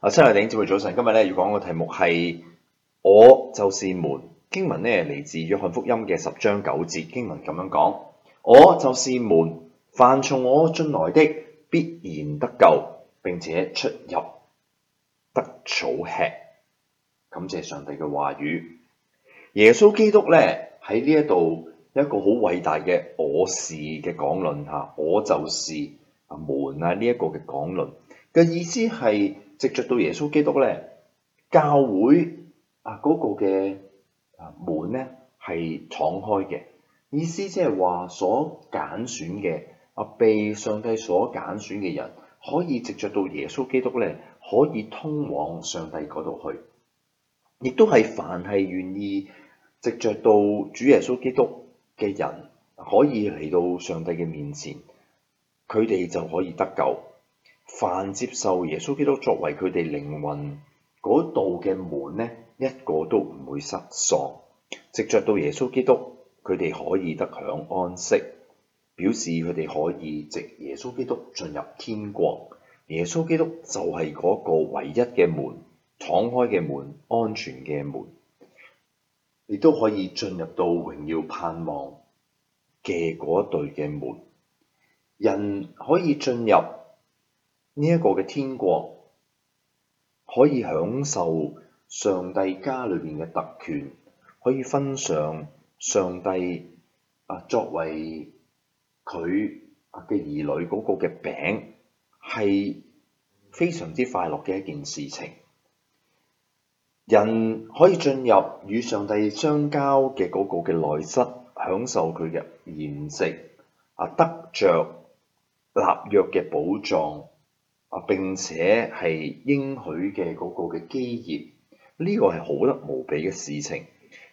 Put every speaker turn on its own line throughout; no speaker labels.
阿親愛的姊妹早晨，今日咧要講嘅題目係我就是門經文咧嚟自約翰福音嘅十章九節經文咁樣講，我就是門，凡從我進來的必然得救，並且出入得草吃。感謝上帝嘅話語，耶穌基督咧喺呢一度有一個好偉大嘅我是嘅講論吓，我就是啊門啊呢一個嘅講論嘅意思係。藉著到耶穌基督咧，教會啊嗰個嘅啊門咧係敞開嘅，意思即係話所揀選嘅啊被上帝所揀選嘅人，可以藉著到耶穌基督咧，可以通往上帝嗰度去，亦都係凡係願意藉著到主耶穌基督嘅人，可以嚟到上帝嘅面前，佢哋就可以得救。凡接受耶穌基督作為佢哋靈魂嗰道嘅門呢，一個都唔會失喪，藉着到耶穌基督，佢哋可以得享安息，表示佢哋可以藉耶穌基督進入天國。耶穌基督就係嗰個唯一嘅門，敞開嘅門，安全嘅門，亦都可以進入到榮耀盼望嘅嗰對嘅門，人可以進入。呢一個嘅天國，可以享受上帝家裏邊嘅特權，可以分享上帝啊作為佢嘅兒女嗰個嘅餅，係非常之快樂嘅一件事情。人可以進入與上帝相交嘅嗰個嘅內室，享受佢嘅筵席，啊得着立約嘅寶藏。啊！並且係應許嘅嗰個嘅基業，呢個係好得無比嘅事情。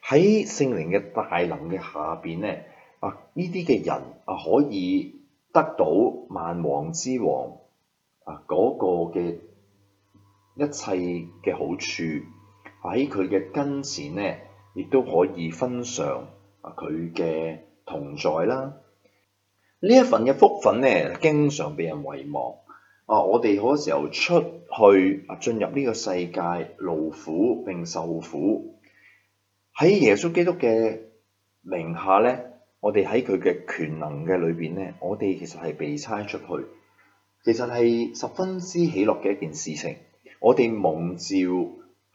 喺聖靈嘅大能嘅下邊咧，啊呢啲嘅人啊可以得到萬王之王啊嗰個嘅一切嘅好處喺佢嘅跟前咧，亦都可以分上啊佢嘅同在啦。呢一份嘅福分咧，經常被人遺忘。啊！我哋好多時候出去啊，進入呢個世界，勞苦並受苦。喺耶穌基督嘅名下呢，我哋喺佢嘅權能嘅裏邊呢，我哋其實係被差出去，其實係十分之喜樂嘅一件事情。我哋蒙照蒙召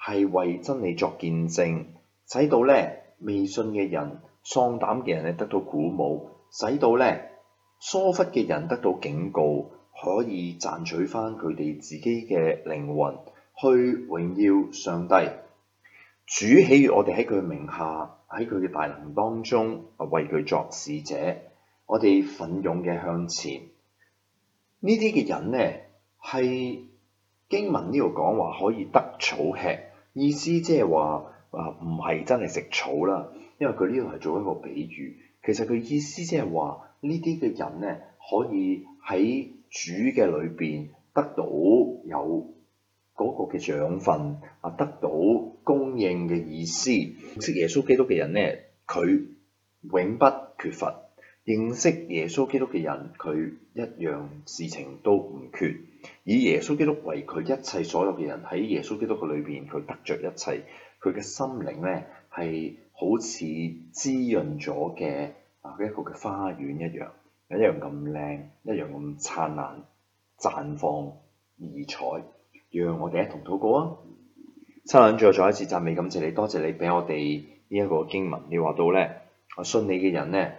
係為真理作見證，使到呢未信嘅人、喪膽嘅人咧得到鼓舞，使到呢疏忽嘅人得到警告。可以賺取翻佢哋自己嘅靈魂，去榮耀上帝。主喜悅我哋喺佢名下，喺佢嘅大能當中為佢作使者，我哋奮勇嘅向前。呢啲嘅人呢，係經文呢度講話可以得草吃，意思即係話啊，唔係真係食草啦，因為佢呢度係做一個比喻。其實佢意思即係話呢啲嘅人呢，可以喺主嘅裏邊得到有嗰個嘅養分啊，得到供應嘅意思。認識耶穌基督嘅人咧，佢永不缺乏。認識耶穌基督嘅人，佢一樣事情都唔缺。以耶穌基督為佢一切所有嘅人，喺耶穌基督嘅裏邊，佢得着一切。佢嘅心靈咧，係好似滋潤咗嘅啊，一個嘅花園一樣。一樣咁靚，一樣咁燦爛綻放異彩，讓我哋一同禱告啊！差唔多再一次讚美，感謝你，多謝你俾我哋呢一個經文。你話到咧，我信你嘅人咧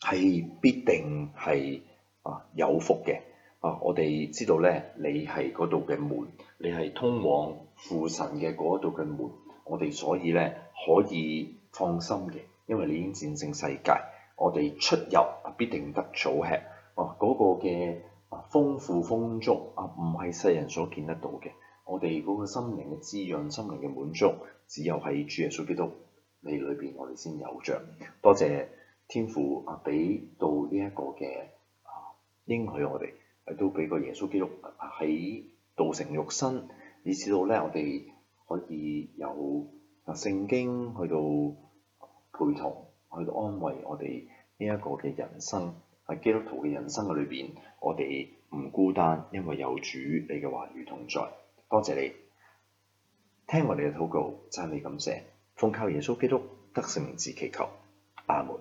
係必定係啊有福嘅啊！我哋知道咧，你係嗰度嘅門，你係通往父神嘅嗰度嘅門，我哋所以咧可以放心嘅，因為你已經戰勝世界。我哋出入必定得草吃，哦，嗰個嘅豐富豐足啊，唔係世人所見得到嘅。我哋嗰個心靈嘅滋潤、心靈嘅滿足，只有喺主耶穌基督你裏邊，我哋先有着。多謝天父啊，俾到呢一個嘅應許我哋，都俾個耶穌基督喺道成肉身，以至到咧我哋可以有聖經去到陪同。去安慰我哋呢一個嘅人生，喺基督徒嘅人生嘅裏邊，我哋唔孤單，因為有主，你嘅話語同在。多謝你聽我哋嘅禱告，讚你感謝，奉靠耶穌基督得勝名字祈求，阿門。